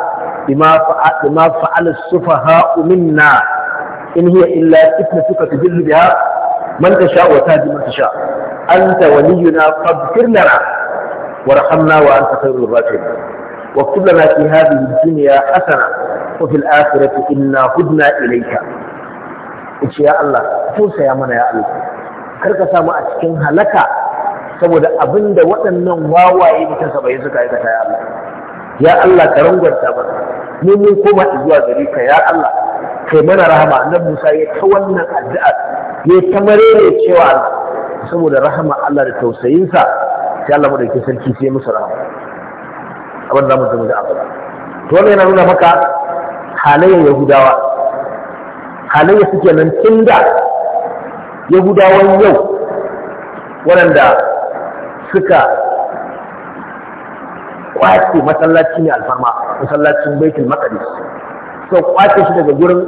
bima fa'a bima fa'ala sufaha'u minna in hiya illa fitnatuka tudillu biha man tasha wa tahdi man tasha anta waliyuna faghfir lana وارحمنا وأنت خير الراحمين واكتب لنا في هذه الدنيا حسنة وفي الآخرة إنا هدنا إليك إيش يا الله توسى يا من يا الله karka samu a cikin halaka saboda abin da waɗannan wawaye mutum saba'in suka aikata ya Allah ya Allah ka rangwanta mana mu mun koma zuwa gari ka ya Allah kai mana rahama annabi Musa ya ta wannan addu'a ya ta marere cewa Allah saboda rahama Allah da tausayinsa sai Allah madaukakin sarki sai musu rahama abin da mutum da to yana nuna maka halayen yahudawa halayya suke nan tun da yahudawan yau waɗanda suka kwace masallaci ne alfarma masallacin baitul maqdis suka kwace shi daga gurin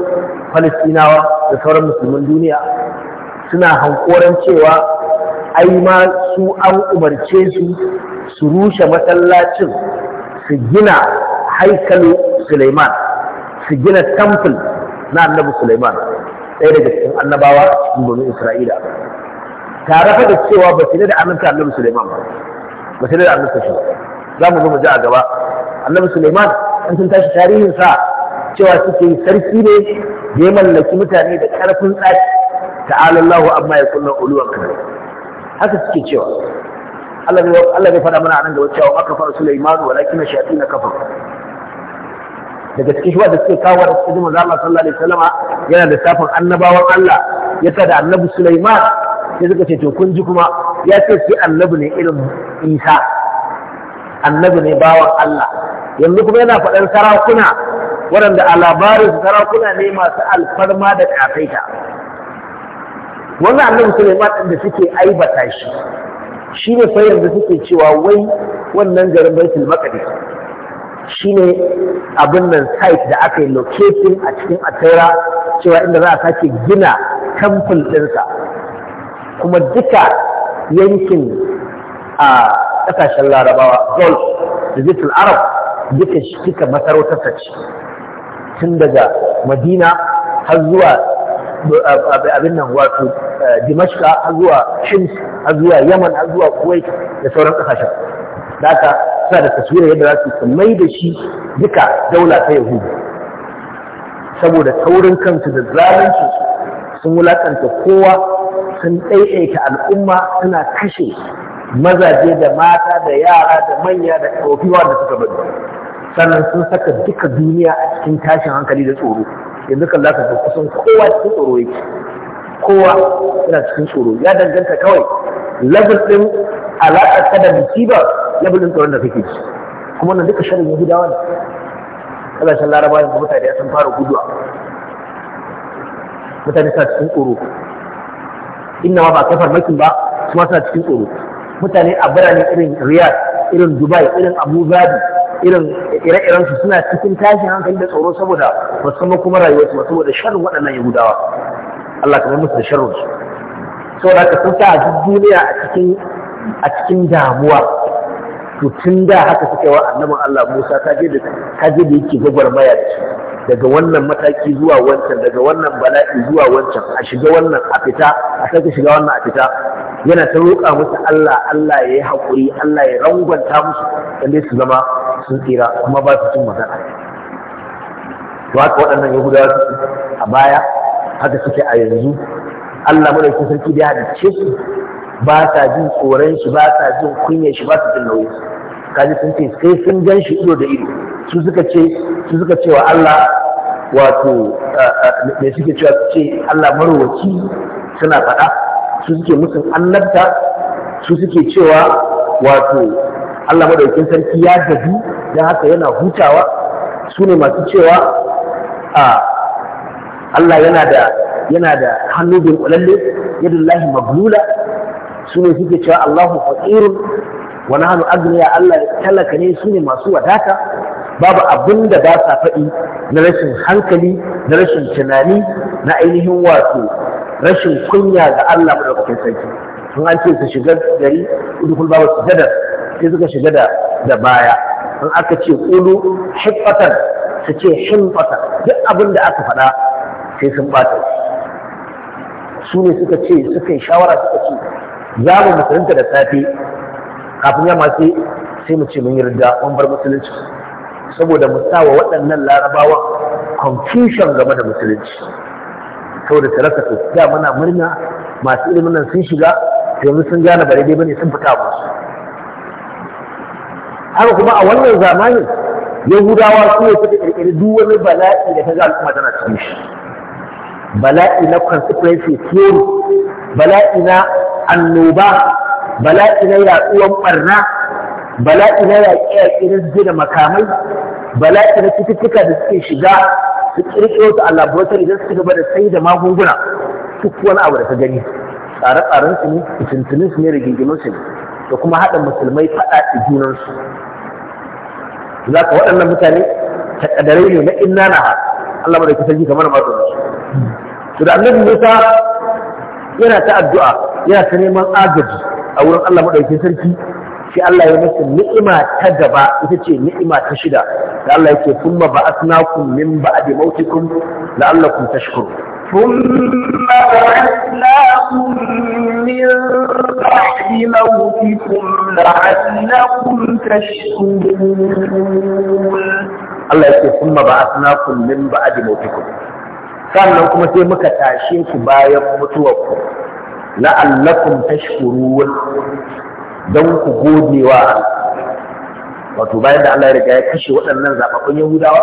falastinawa da sauran musulman duniya suna hankoran cewa ai ma su an umarce su su rushe masallacin su gina haikalin Suleiman su gina temple na annabi Suleiman ɗaya daga cikin annabawa cikin domin Isra'ila tare da cewa ba su da annabta annabi Suleiman ba ba su da annabta shi za mu zo mu ji a gaba annabi Suleiman an sun tashi tarihin sa cewa suke sarki ne da ya mallaki mutane da karfin tsaki ta'alallahu amma ya kunna uluwan kare haka suke cewa Allah bai faɗa mana a nan da wacce wa aka fara Sulaimanu wa lakina shafi na kafa daga cikin shuwa da suke kawo da suke jima Allah sallallahu alaihi wasallama yana da safin annabawan Allah ya sa da annabi Sulaiman ya suka ce to kun ji kuma ya ce sai annabi ne irin Isa annabi ne bawan Allah yanzu kuma yana faɗan sarakuna waɗanda a labarin sarakuna ne masu alfarma da ƙasaita wannan annabi ɗin da suke aibata shi shi ne fa yanzu suke cewa wai wannan garin Baitul Maqdis shi ne abin nan site da aka yi locating a cikin Ataira cewa inda za a sake gina temple ɗinsa kuma duka yankin a ƙasashen Larabawa Gulf da little Arab duka duka masarautarsa ce tun daga Madina har zuwa abin nan wato Eh, dimashka har zuwa shims har zuwa yaman har zuwa kuwait da sauran ƙasashen da aka sa da taswira yadda za su mai da shi duka daula ta yahudu saboda taurin kansu da zalunci sun wulakanta kowa sun ɗaiɗaita al'umma suna kashe mazaje da mata da yara da manya da ƙofiwa da suka bari sannan sun saka duka duniya a cikin tashin hankali da tsoro yanzu kan za ka kusan kowa cikin tsoro yake kowa yana cikin tsoro ya danganta kawai level ɗin alaƙar ta da musiba level ɗin tsoron da kake ci kuma nan duka sharin yahudawa ne ƙasashen laraba yanzu mutane ya sun fara guduwa mutane suna cikin tsoro inna ma ba kafar farmakin ba kuma suna cikin tsoro mutane a birane irin riyadh irin dubai irin abu dhabi irin ire-iren su suna cikin tashin hankali da tsoro saboda musamman kuma rayuwarsu ba saboda sharrin waɗannan yahudawa Allah kamar musu da sharrin su saboda haka sun sa a duk duniya a cikin damuwa to tun da haka suka yi wa annabin Allah Musa ka je da da yake gwagwarmaya da daga wannan mataki zuwa wancan daga wannan bala'i zuwa wancan a shiga wannan a fita a sake shiga wannan a fita yana ta roƙa musu Allah Allah ya yi haƙuri Allah ya rangwanta musu lalle su zama sun tsira kuma ba su cin magana to haka waɗannan yahudawa a baya haka suke a yanzu Allah mai kun sarki da halicce su ba sa jin tsoron shi ba sa jin kunyar shi ba sa jin nauyi, kaji sun ce sai sun gan shi ido da ido su suka ce su suka ce wa Allah wato me suke cewa su ce Allah marwaci suna faɗa su suke musun annabta su suke cewa wato Allah madaukin sarki ya gabi don haka yana hutawa su ne masu cewa a Allah yana da yana da hannu bin kulalle yadullahi maglula sune suke cewa Allahu faqirun wa nahnu agniya Allah talaka ne sune masu wadata babu abin da ba sa faɗi na rashin hankali na rashin tunani na ainihin wato rashin kunya ga Allah madaukakin sarki sun an ce su shiga gari udkhul babu sujada sai suka shiga da da baya in aka ce qulu hifatan su ce hifatan duk abin da aka faɗa sai sun bata su ne suka ce suka yi shawara suka ce za mu musulunta da safe kafin yamma sai sai mu ce mun yi rida mun bar musulunci saboda mu sa wa waɗannan larabawa confusion game da musulunci saboda talaka to da muna murna masu ilimin nan sun shiga yanzu sun gane ba daidai bane sun fita ba haka kuma a wannan zamanin yahudawa su ne suka kirkiri duk wani bala'i da ta ga al'umma tana cikin shi bala'i na consequences theory bala'i na annoba bala'i na yaduwan barna bala'i na yaƙe-yaƙe na zuge da makamai bala'i na cututtuka da suke shiga su ƙirƙiro su a laboratory don su gaba da sai da magunguna duk wani abu da ka gani tsare-tsaren su ne tuntunin su ne rigingimin su ne da kuma haɗa musulmai faɗa da junansu za ka waɗannan mutane ta takadarai ne na inna na Allah da kusan ji kamar masu to da annabi Musa yana ta addu'a yana ta neman agaji a wurin Allah madaukakin sarki sai Allah ya masa ni'ima ta gaba ita ce ni'ima ta shida da Allah yake kuma ba'asnakum min ba'di mautikum la'allakum tashkurun ثم بعثناكم من بعد موتكم لعلكم تشكرون الله يقول ثم بعثناكم من بعد موتكم sannan kuma sai muka tashe ku bayan mutuwarku la'allakum tashkurun don ku godewa wato bayan da Allah ya riga ya kashe waɗannan zababbun Yahudawa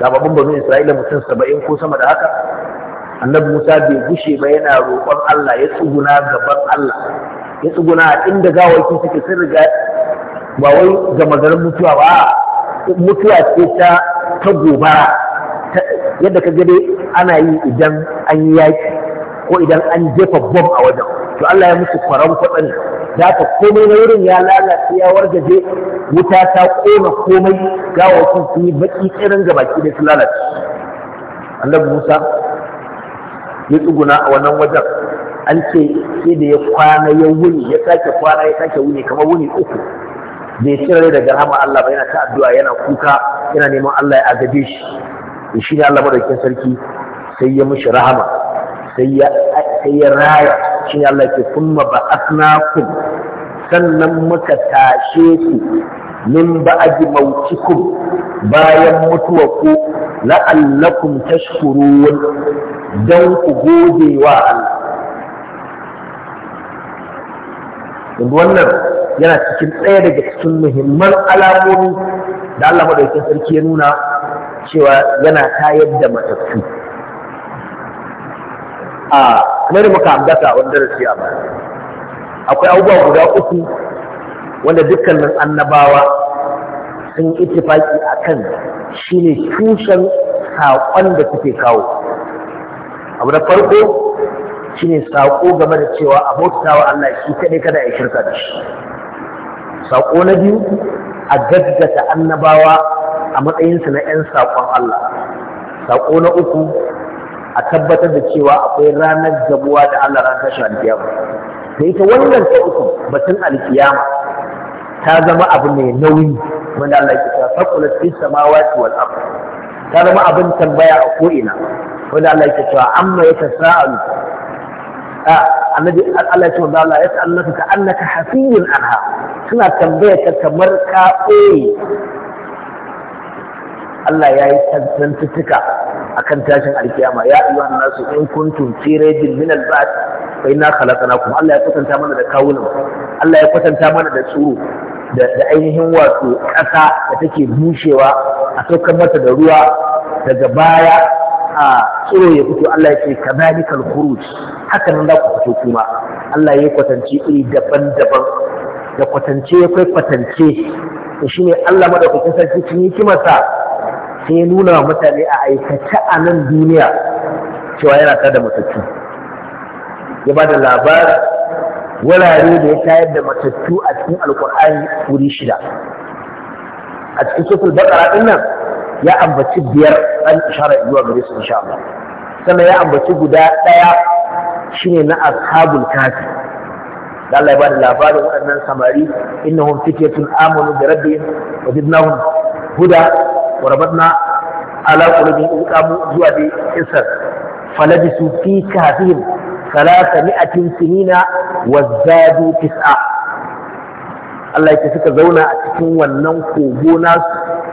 zababbun banu Isra'ila mutum saba'in ko sama da haka annabi Musa bai gushe ba yana roƙon Allah ya tsuguna gaban Allah ya tsuguna inda gawaki suke sun riga ba wai ga mazarin mutuwa ba mutuwa ce ta ta gobara yadda ka dai ana yi idan an yi yaki ko idan an jefa bom a wajen to Allah ya musu kwaran kwatsani dafa ka komai na wurin ya lalace ya wargaje wuta ta kona komai gawakin sun yi baki tsirin ga baki da su lalace annabi Musa ya tsuguna a wannan wajen an ce sai da ya kwana ya wuni ya sake kwana ya sake wuni kamar wuni uku bai cire daga rahama Allah ba yana ta addu'a yana kuka yana neman Allah ya agaje shi to shi ne Allah madaukakin sarki sai ya mushi rahama sai ya sai ya raya shi ne Allah ke kuma sannan muka tashe ku min ba'di mautikum bayan ku, la'allakum tashkurun don ku gode wa Allah wannan yana cikin ɗaya daga cikin muhimman alamomi da Allah madaukakin sarki ya nuna cewa yana tayar da matattu a kamar muka ambata wanda da a ba akwai abubuwa guda uku wanda dukkanin annabawa sun itifaki a kan shi ne tushen saƙon da suke kawo abu da farko shi ne saƙo game da cewa a bautawa Allah shi kaɗai kada a shirka da shi saƙo na biyu a gaggata annabawa a matsayinsu na 'yan saƙon Allah saƙo na uku a tabbatar da cewa akwai ranar gabuwa da Allah ran tashi alkiyama da ita wannan ta uku batun alkiyama ta zama abu mai nauyi wanda Allah ya cewa faqulat fis samawati wal ard ta zama abin tambaya a ko'ina wanda Allah ya cewa amma yatasaalu a annabi Allah ya ce wanda Allah ya ta'allaka ka annaka hasiyun anha suna tambaya ka kamar ka koyi Allah ya yi a akan tashin alkiyama ya nasu in kuntum fi raibin min al-ba'th fa inna khalaqnakum Allah ya kwatanta mana da kawunan Allah ya kwatanta mana da tsuru da ainihin wato ƙasa da take bushewa a saukar mata da ruwa daga baya a tsiro ya fito Allah ya ce kadhalikal khuruj haka nan za ku fito kuma Allah ya kwatance iri daban-daban da kwatance ya kai kwatance to shine Allah madaukakin sarki cikin hikimarsa sai ya nuna wa mutane a aikace a nan duniya cewa yana ta da matattu ya ba da labar wurare da ya tayar da matattu a cikin alkur'ani wuri shida a cikin sufil bakara din nan ya ambaci biyar an ishara zuwa gare su insha Allah sannan ya ambaci guda ɗaya shine na ashabul kafi da Allah ya bada labarin waɗannan samari innahum fityatun amanu bi rabbihim wa zidnahum huda wa rabatna ala qulubihim qamu zuwa bi isar falabisu fi kahfihim salasa mi'atin sinina wa zadu tis'a Allah yake suka zauna a cikin wannan kogo na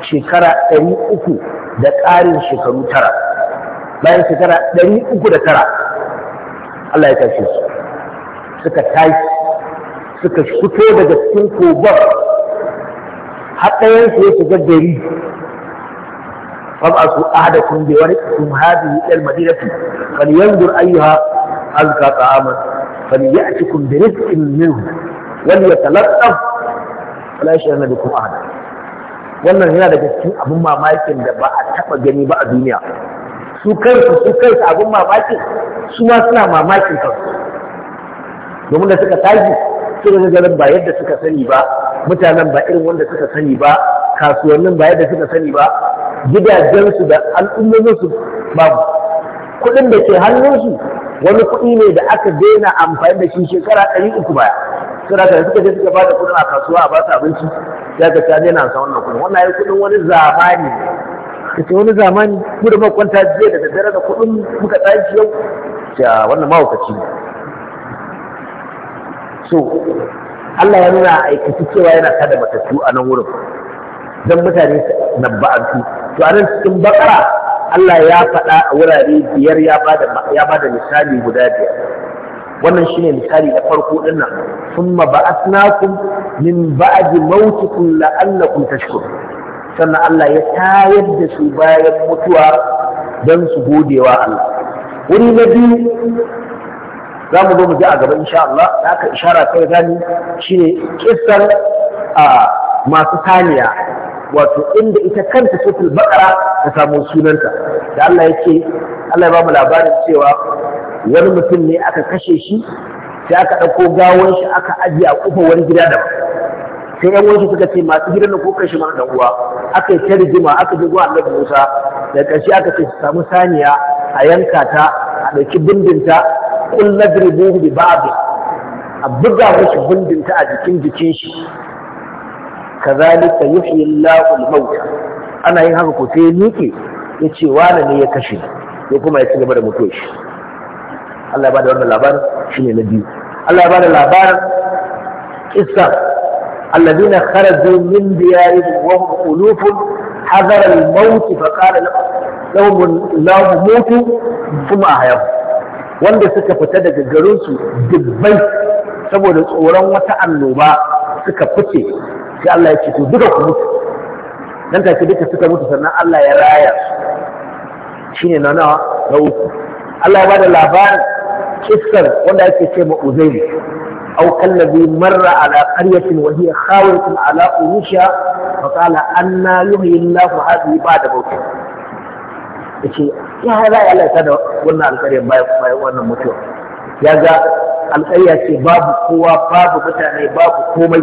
shekara ɗari uku da ƙarin shekaru tara bayan shekara ɗari uku da tara Allah ya suka tashi suka fito daga cikin kogon har ɗayansu ya shiga gari فابعثوا أحدكم بورقكم هذه إلى المدينة فلينظر أيها أزكى طعاما فليأتكم برزق منه وليتلطف ولا يشعرن بكم أحدا wannan yana daga cikin abin mamakin da ba a taɓa gani ba a duniya su kansu su kansu abin mamakin su ma suna mamakin kansu domin da suka tashi suka ga ba yadda suka sani ba mutanen ba irin wanda suka sani ba kasuwannin ba yadda suka sani ba gidajensu da al'ummominsu babu kuɗin da ke hannunsu wani kuɗi ne da aka daina amfani da shi shekara ɗari uku baya suna da suka je suka ba da kuɗin a kasuwa a ba su abinci ya ga ta daina sa wannan kuɗin wannan ya kuɗin wani zamani kace wani zamani mu da makwanta jiya da daddare da kuɗin muka tashi yau Ya wannan mahaukaci ne so Allah ya nuna aikaci cewa yana kada matattu a nan wurin don mutane su nabba'antu to a nan cikin bakara Allah ya faɗa a wurare biyar ya ba da misali guda biyar wannan shine misali da farko din nan thumma ba'athnakum min ba'di mautikum la'allakum tashkurun sannan Allah ya tayar da su bayan mutuwa don su godewa Allah wuri na biyu za mu zo mu ji a gaba insha Allah da aka ishara kai gani shine kissan a masu saniya wato inda ita kanta suratul bakara ta samu sunanta da Allah ya ce Allah ya ba mu labarin cewa wani mutum ne aka kashe shi sai aka ɗauko gawon shi aka ajiye a kufa wani gida da sai yan wasu suka ce masu gidan da kuka kashe mana uwa aka yi ta rigima aka je zuwa Allah Musa da ƙarshe aka ce su samu saniya a yanka ta a ɗauki bindinta kullu dribuhu bi ba'd a buga musu bindinta a jikin jikin shi Kazani yuhyi Allahu al-mauta ana yin haka ko sai nike yace wani ne ya kashe ko kuma ya ci gaba mutuwa shi Allah ya bada wannan labarin shine na biyu Allah ya bada labarin kissa alladhina kharaju min diyarihim wa hum mutu wanda suka fita daga garinsu dubbai saboda tsoron wata annoba suka fice sai Allah ya ce to duka ku mutu nan take duka suka mutu sannan Allah ya raya su shine na nawa na uku Allah ya bada labarin kissar wanda ake ce ma Uzairu aw kallazi marra ala qaryatin wa hiya khawiyatun ala urusha fa qala anna yuhyi Allahu hadhihi ba'da mawtih yace ya za ya Allah da wannan alƙaryar bayan wannan mutuwa ya ga alƙarya ce babu kowa babu mutane babu komai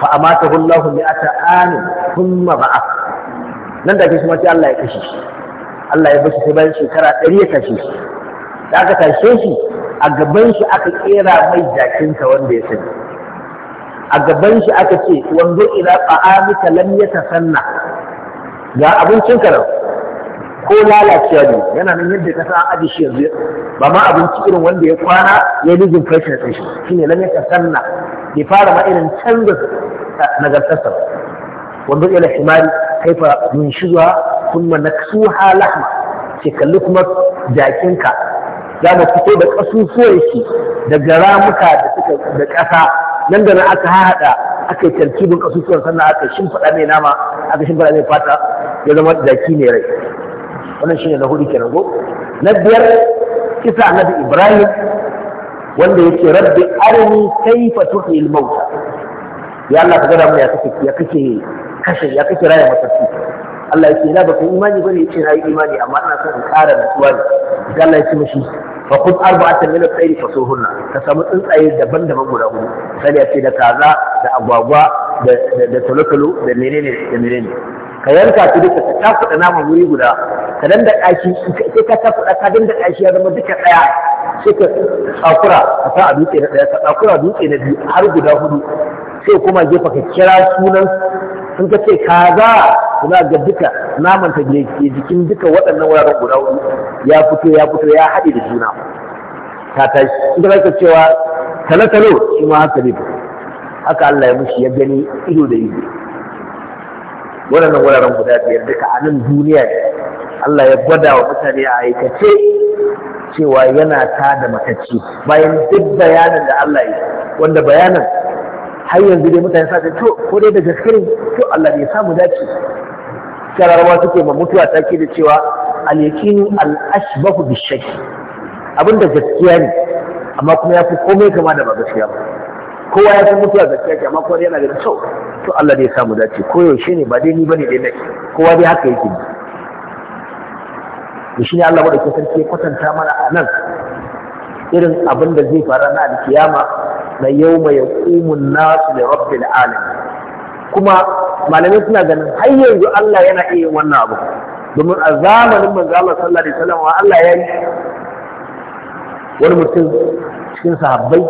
fa amatahu Allah li ata amin thumma ba'a nan da ke kuma sai Allah ya kashe shi Allah ya bashi bayan shekara ɗari ya kashe shi da aka tashe shi a gaban shi aka kera mai jakinsa wanda ya sani a gaban shi aka ce wanzu ila ta'amika lam sanna. ga abincin ka ko lalacewa ne yana nan yadda ka san aji shi yanzu ba ma abinci irin wanda ya kwana ya lizin freshness ɗin shi shine lam yaka sanna ya fara ma irin canza nagartarsa ba wanda ila himari kaifa min Kunna na naksuha lahma ke kalli kuma jakinka za mu fito da ƙasusuwan shi da garamuka da suka da ƙasa nan da nan aka haɗa aka yi tarkibin ƙasusuwan sannan aka shimfiɗa mai nama aka shimfiɗa mai fata ya zama jaki ne rai wannan shine na hudu kenan go na biyar kisa annabi ibrahim wanda yake rabbi arini kaifa tuhyi al ya Allah ka gada mu ya kake ya kake kashe ya kake raya matattu Allah yake ina baka imani bane yace na yi imani amma ina son in ƙara nutsuwa ne sai Allah yake mishi fa kun arba'atan min al-tayr fasuhunna ka samu tsuntsaye daban-daban guda hudu sai ya ce da kaza da agwagwa da da tolotolo da menene da menene ka yanka su duka ka tafuɗa nama wuri guda ka danda ɗaki sai ka tafuɗa ka danda ɗaki ya zama duka ɗaya sai ka tsakura ka sa a dutse na ɗaya ka tsakura dutse na biyu har guda hudu sai kuma jefa ka kira sunan sun ka ce kaza kuna ga duka naman ta ke jikin duka waɗannan wuraren guda hudu ya fito ya fito ya haɗe da juna ta tashi inda zaka cewa talo-talo shi ma haka ne haka Allah ya mushi ya gani ido da ido waɗannan wuraren guda biyar duka a nan duniya ne Allah ya gwada wa mutane a aikace cewa yana ta da matacci bayan duk bayanin da Allah ya wanda bayanin har yanzu dai mutane sa to ko dai da gaske ne to Allah bai samu dace shararwa suke ma mutuwa take da cewa al-yaqinu al-ashbahu bi-shakk abinda gaskiya ne amma kuma ya fi komai kama da ba gaskiya ba kowa ya san mutuwa da kake amma kowa yana da kyau to Allah dai ya samu dace ko yaushe ne ba dai ni bane dai nake kowa dai haka yake ne shi ne Allah bada da sarki ya kwatanta mana a nan irin abin da zai faru na alkiyama na yawma yaqumun nasu li rabbil alamin kuma malamai suna ganin har yanzu Allah yana iya wannan abu domin a zamanin manzo Allah sallallahu alaihi wasallam Allah ya yi wani mutum cikin sahabbai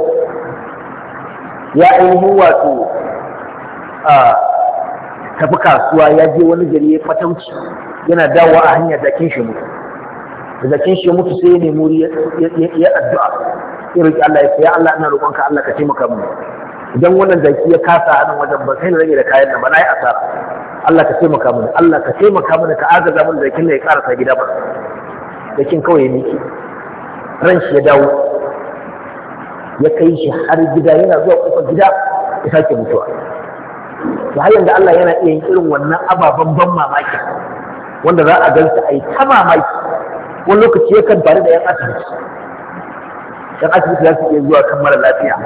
ya ainihin wato a tafi kasuwa ya je wani gari ya fatauci yana dawowa a hanyar zakin shi mutu da zakin shi mutu sai ya nemi wuri ya addu'a ya riƙe Allah ya ya Allah ina roƙonka Allah ka taimaka mu idan wannan zaki ya kasa a nan wajen ba sai na rage da kayan nan ba na yi asara Allah ka taimaka mu Allah ka taimaka mu ka agaza mu zakin da ya karasa gida ba zakin kawai ya miki ran shi ya dawo ya kai shi har gida yana zuwa kusa gida ya sake mutuwa to har yanzu Allah yana iya yin irin wannan ababen ban mamaki wanda za a gansa a yi ta mamaki wani lokaci yakan tare da 'yan asibiti yan asibiti za su iya zuwa kan mara lafiya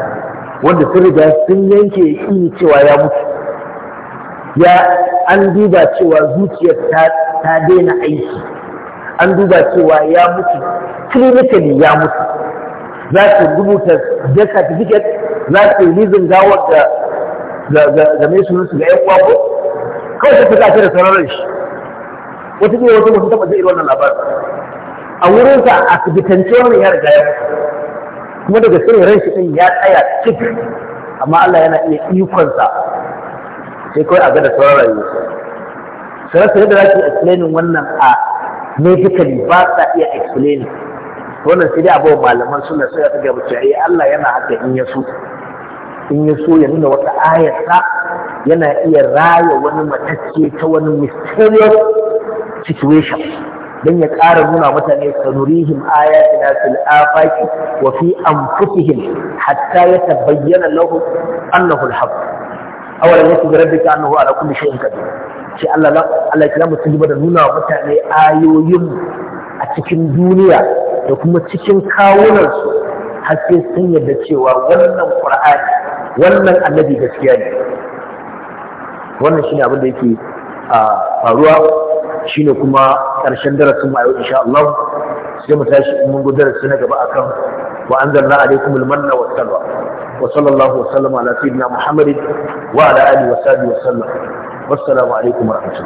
wanda sun riga sun yanke iya cewa ya mutu ya an duba cewa zuciyar ta daina aiki an duba cewa ya mutu clinically ya mutu za su rubuta da certificate za su yi nizin gawar da game mai sunan su ga yan uwa ko kawai ta fita da sararin shi wata ne wata mutum taɓa zai wannan labarin a wurinsa a asibitance wani ya riga ya kuma daga sai ran shi ɗin ya tsaya cik amma Allah yana iya ikonsa sai kawai a ga da sauran rayuwarsa sai da za ki explaining wannan a medically ba sa iya explaining wannan sai dai abubuwan malaman suna sai ta gaba Allah yana haka in ya so in ya so ya nuna wata ayarsa yana iya raya wani matacce ta wani mysterious situation don ya ƙara nuna mutane sanurihim ayatina fil afaqi wa fi anfusihim hatta yatabayyana lahum annahu al-haq awalan yasbi rabbika annahu ala kulli shay'in qadir shi Allah Allah ya kira mutum da nuna mutane ayoyin a cikin duniya da kuma cikin kawunansu har sai sun yarda cewa wannan qur'ani wannan annabi gaskiya ne wannan shine abin da yake faruwa Shi ne kuma ƙarshen darasin mu a yau insha Allah sai mu tashi in mun gudanar su na gaba a kan. wa an anzalna alaikum almanna wa salwa wa sallallahu wa sallama ala sayyidina muhammadin wa ala alihi wa sahbihi wa sallam wassalamu alaikum wa rahmatullahi